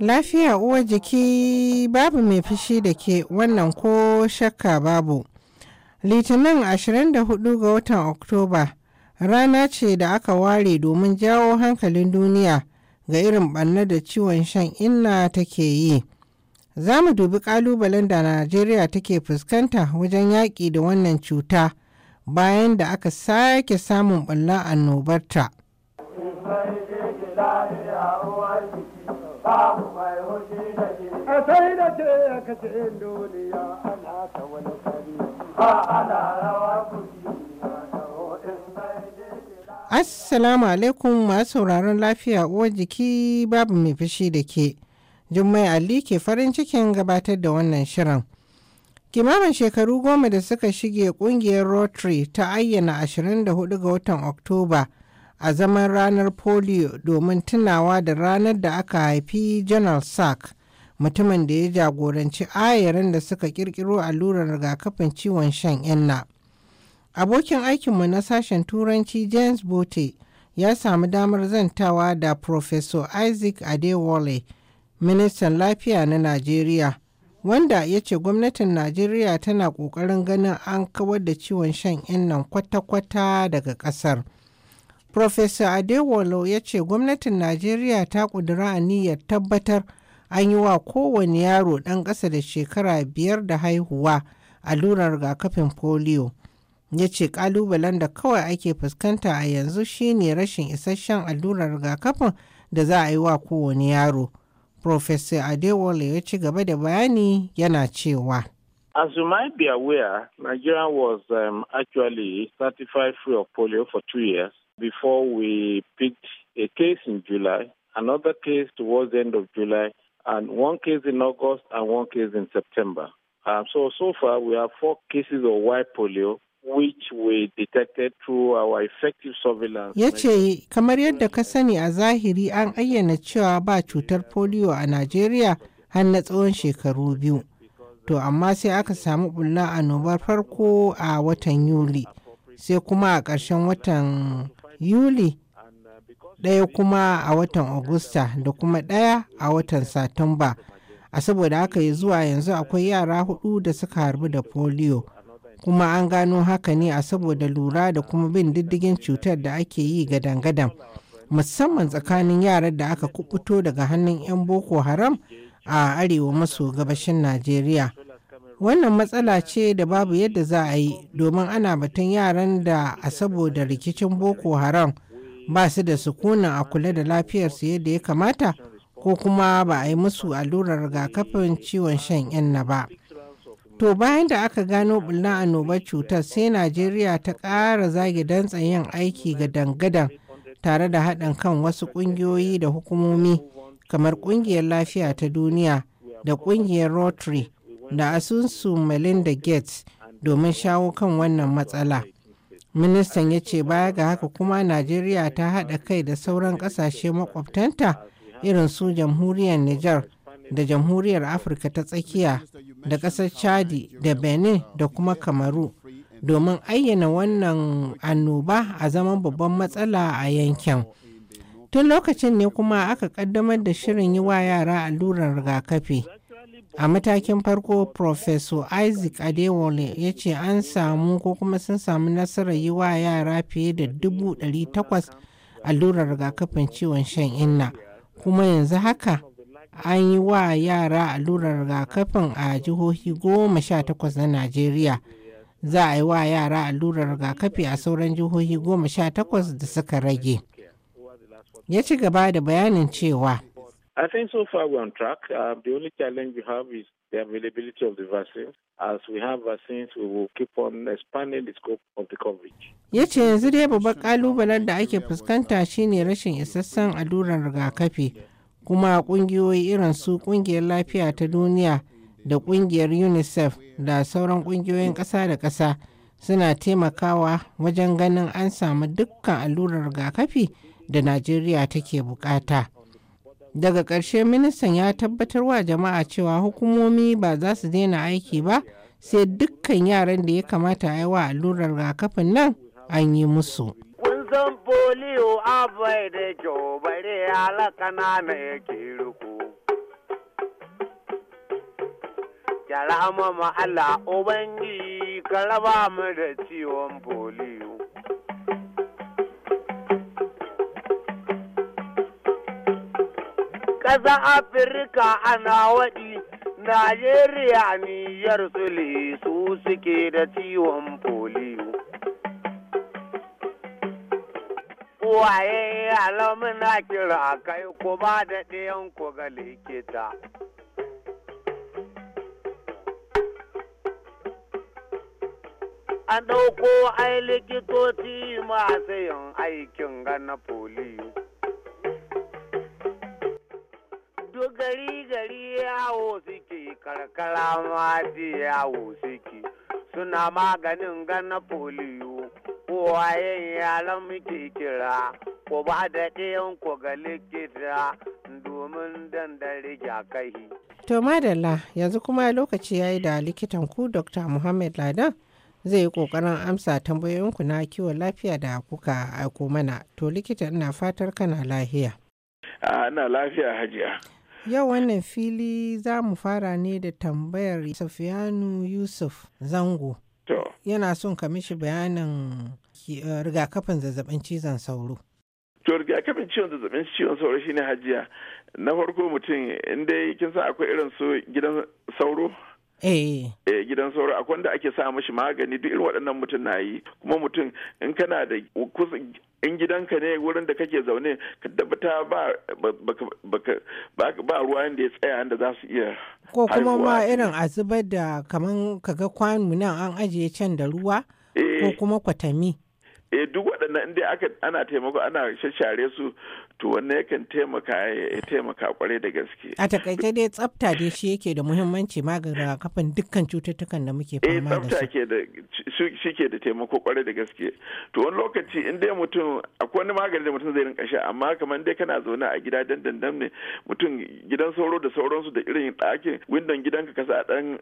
Lafiya uwar jiki babu mai fushi da ke wannan ko shakka babu. Litinin 24 ga watan Oktoba rana ce da aka ware domin jawo hankalin duniya ga irin ɓanna da ciwon shan inna take yi. za mu dubi kalubalen da Najeriya take fuskanta wajen yaƙi da wannan cuta bayan da aka sake samun ɓulla annobarta. Assalamu alaikum masu sauraron lafiya uwar jiki babu mai fushi da ke. Jummai Ali ke farin cikin gabatar da wannan shirin. Kimamin shekaru goma da suka shige kungiyar Rotary ta ayyana 24 ga watan Oktoba a zaman ranar polio domin tunawa da ranar da aka haifi General Sack, mutumin da ya jagoranci ayarin da suka kirkiro allurar rigakafin ciwon shan inna. Abokin aikinmu na sashen Turanci James Bote ya samu damar zantawa da Professor Isaac Adewale. ministan lafiya na najeriya wanda ya ce gwamnatin najeriya tana ƙoƙarin ganin an kawar da ciwon shan innan kwata-kwata daga ƙasar Professor adewolo ya ce gwamnatin najeriya ta a aniyar tabbatar an yi wa kowane yaro ɗan ƙasa da shekara biyar da haihuwa allurar rigakafin polio ya ce ƙalubalen da kawai ake fuskanta a yanzu shine rashin isasshen allurar rigakafin da za a yi wa kowane yaro. Professor Adewale ya ci gaba da bayani yana cewa. As you might be aware, Nigeria was um, actually certified free of polio for two years before we picked a case in July, another case towards the end of July, and one case in August and one case in September. Uh, so, so far we have four cases of white polio Ya ce, kamar yadda ka sani a zahiri an ayyana cewa ba cutar polio a Najeriya har na tsawon shekaru biyu. To amma sai aka samu bulla annobar farko a watan Yuli, sai kuma a ƙarshen watan Yuli, ɗaya kuma a watan Agusta da kuma ɗaya a watan Satumba. A saboda haka zuwa yanzu akwai yara hudu da suka harbu da polio. kuma an gano haka ne a saboda lura da kuma bin diddigin cutar da ake yi gadan-gadan musamman tsakanin yaran da aka kubuto daga hannun 'yan boko haram a arewa maso gabashin najeriya wannan matsala ce da babu yadda za a yi domin ana batun yaran da a saboda rikicin boko haram ba su da sukunan a kula da lafiyarsu yadda ya kamata ko kuma ba a yi musu allurar rigakafin ciwon shan inna ba. To bayan da aka gano bulla annobar cutar sai Najeriya ta ƙara zage dantsen yin aiki ga dangadan tare da haɗin kan wasu ƙungiyoyi da hukumomi kamar ƙungiyar lafiya ta duniya da ƙungiyar Rotary da asusu Melinda Gates domin shawo kan wannan matsala. Ministan ya ce baya ga haka kuma Najeriya ta haɗa kai da sauran ƙasashe makwabtanta irin su jamhuriyar Nijar da jamhuriyar Afirka ta tsakiya da ƙasar chadi da benin da kuma kamaru domin ayyana wannan annoba a zaman babban matsala a yankin tun lokacin ne kuma aka kaddamar da shirin yi wa yara allurar rigakafi a matakin farko professor isaac adewale ya ce an samu ko kuma sun samu nasarar yi wa yara fiye da dubu 800 allurar rigakafin ciwon shan inna kuma yanzu haka an yi wa yara allurar rigakafin a jihohi goma sha takwas na najeriya za a yi wa yara allurar rigakafi a sauran jihohi goma sha takwas da suka rage ya ci gaba da bayanin cewa I think so far we're on track. Uh, the only challenge we have is the availability of the vaccines. As we have vaccines, we will keep on expanding the scope of the coverage. Ya ce yanzu dai babban kalubalen da ake fuskanta shine rashin isassen allurar rigakafi. kuma kungiyoyi irin su kungiyar lafiya ta duniya da kungiyar unicef da sauran kungiyoyin ƙasa da ƙasa suna taimakawa wajen ganin an samu dukkan allurar rigakafi da najeriya take bukata daga ƙarshe ministan ya tabbatar wa jama'a cewa hukumomi ba za su daina aiki ba sai dukkan yaran da ya kamata a yi wa allurar rigakafin nan an yi musu. kan foliyo abai da kyau bare alakana na yake ruku. Yara mama Allah Ubangiji ka raba mu da ciwon foliyo. Ƙasa Afirka ana waɗi, Najeriya niyar su suke da ciwon foliyo. waye alamun na kira kai ku ba da ɗayan ku ga likita. An ɗauko ai likitoci masu yin aikin gana foliyo. Duk gari gari yawo suke karkara ma yawo suke suna maganin gana foliyo. waye yaran muke kira ku ba da ɗayan ku ga likita domin dandare jakahi. To madalla yanzu kuma lokaci ya yi da likitan ku Dr. Muhammad Ladan zai yi kokarin amsa tambayoyinku na kiwon lafiya da kuka aiko mana. To likita ina fatar kana lahiya. Ina lafiya hajiya. Yau wannan fili za mu fara ne da tambayar Safiyanu Yusuf Zango. yana son ka mishi bayanin eh, rigakafin zazzabin cizon sauro. To rigakafin ciwon zazzabin ciwon sauro shine hajiya. Na farko mutum inda kin san akwai irin su gidan sauro Eh. eh gidan sauro akwai wanda ake sa mashi magani duk irin waɗannan mutum na yi kuma mutum in kana da in gidanka ne wurin da kake zaune ka tabbata ba ruwa da ya tsaya yadda za su iya ko kuma ma irin a zubar da kaman kaga kwanu nan an ajiye can da ruwa ko eh. kuma kwatami eh duk waɗannan inda aka ana taimako ana shashare su to wanne yakan taimaka ya taimaka kwarai da gaske a takaice dai tsafta dai shi yake da muhimmanci maganin kafin dukkan cututtukan da muke fama eh, da su tsafta ke da shi ke da taimako kwarai da gaske to wani lokaci in dai mutum akwai wani magani da mutum zai rinka sha amma kamar dai kana zaune a gida dandan ne mutum gidan sauro da sauransu da irin ɗakin windon gidanka kasa a ɗan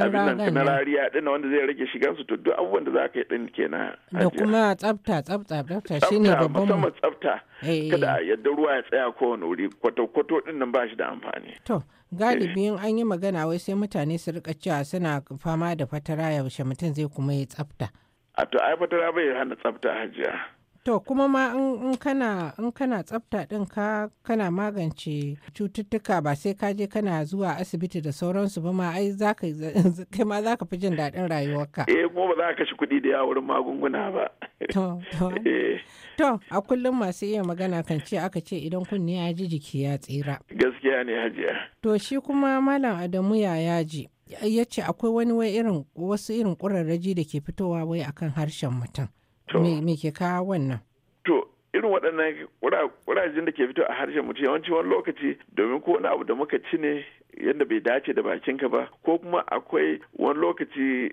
abin nan na rariya din wanda zai rage shigan su to duk abubuwan da ka yi ɗin kenan da kuma tsafta tsafta tsafta shine babban musamman tsafta eh, eh. kada ya yadda ruwa ya tsaya kowane wuri kwato-kwato din nan ba shi da amfani. To, galibi in eh. an yi magana wai sai mutane su rika cewa suna fama da fatara yaushe mutum zai kuma yi tsafta. A to ai fatara bai hana tsafta hajiya. To kuma ma in kana in kana tsafta din ka kana magance cututtuka ba sai ka je kana zuwa asibiti da sauransu ba ma ai zaka kai ma zaka fi jin daɗin rayuwarka. Eh mu ba za ka shi kuɗi da yawurin magunguna ba. To to. Eh. To a kullum masu iya magana kan ce aka ce idan kunni ya ji jiki ya tsira. Gaskiya ne hajiya. To shi kuma malam Adamu ya yaji. Ya ce akwai wani wai irin wasu irin ƙurarraji da ke fitowa wai akan harshen mutum. me ke kawo wannan to irin waɗannan wurajen da ke fito a harshen mutum yawanci wani lokaci domin ko wani abu da muka ci ne yadda bai dace da bakinka ba ko kuma akwai wani lokaci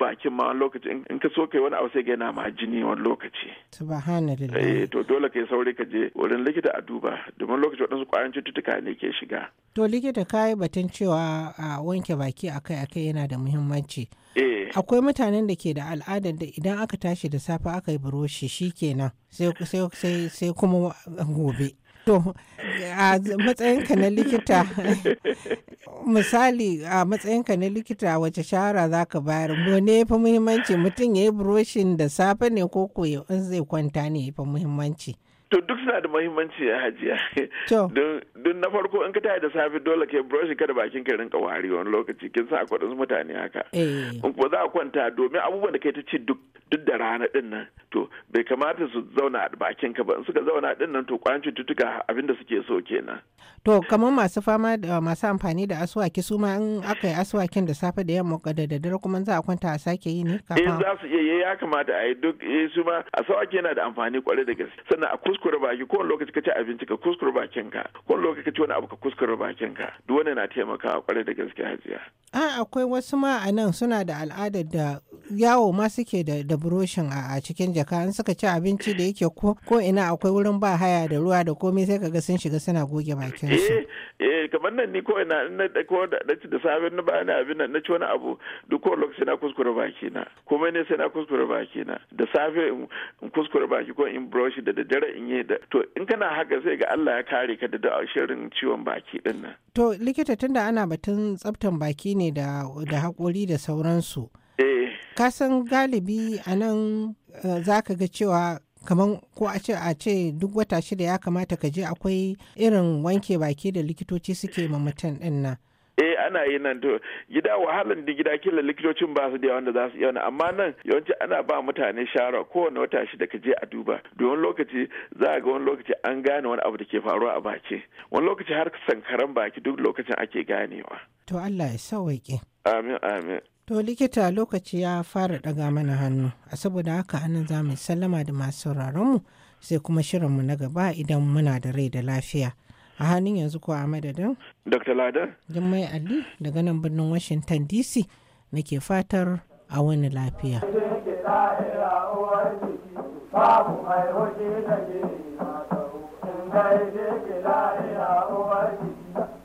bakin ma lokaci in ka so kai wani abu sai ga yana ma jini wani lokaci subhanallah eh to dole kai saurayi ka je wurin likita a duba domin lokaci waɗansu ƙwayoyin cututtuka ne ke shiga to likita yi batun cewa a wanke baki akai-akai yana da muhimmanci eh. akwai mutanen da ke da al'adar da idan aka tashi da safe aka yi buroshi shi kenan sai kuma gobe To, a matsayinka na likita, misali a matsayinka na likita wace shahara za ka bayar, ne ya fi muhimmanci mutum ya yi buroshin da safe ne ko koyo in zai kwanta ne ya fi muhimmanci. To duk suna da muhimmanci ya hajiya. Don na farko in ka tayi da safe dole ke buroshi kada bakin ka rinka wari wani lokaci kin sa akwai mutane haka. Eh. In ko za a kwanta domin abubuwan da kai ta ci duk duk da rana din nan to bai kamata su zauna a bakin ka ba in suka zauna din nan to kwayan cututtuka abinda suke so kenan to kamar masu fama da masu amfani da aswaki su ma in aka yi aswakin da safe da yamma da daddare kuma za a kwanta a sake yi ne kafin eh za su iya eh, ya kamata a yi duk eh su ma yana da amfani kwarai da gaske sannan a kuskure baki kowane lokaci ka ci abinci ka kuskure bakin ka kowane lokaci ka ci wani abu ka kuskure bakin ka duk wannan na taimakawa kwarai da gaske hajiya a ah, akwai wasu ma a nan suna da al'adar da yawo ma suke da buroshin a cikin jaka in suka ci abinci da yake ko ina akwai wurin ba haya da ruwa da komai sai kaga sun shiga suna goge bakin su eh, eh kamar nan ni ko ina na ko da da safe na ba ni abin nan na ci wani abu duk ko lokaci na kuskure baki na kuma ne sai na kuskure baki na da safe in kuskure baki ko in brush da dare in yi da to in kana haka sai ga Allah ya kare ka da da shirin ciwon baki din nan to likita tunda ana batun tsaftan baki ne da da haƙori da sauransu kasan galibi a nan eh, za ka ga cewa kamar ko a ce a ce duk wata shida ya kamata ka je akwai irin wanke baki da likitoci suke ma mutum din nan eh ana yi nan to gida wahalan da gida kila likitocin ba su da wanda za su iya wani amma nan yawanci ana ba mutane shara kowane wata shida ka je a duba domin lokaci za ga wani lokaci an gane wani abu da ke faruwa a baki wani lokaci har sankaran baki duk lokacin ake ganewa to Allah ya sauwaƙe amin amin To likita lokaci ya fara ɗaga mana hannu, a saboda haka anan za mu sallama da masu mu sai kuma shirinmu na gaba idan muna da rai da lafiya. A hannun yanzu ko a madadin? Dr. Lada. Jummai Ali daga nan birnin Washington DC nake fatar a wani lafiya. Babu mai da ke ke uwar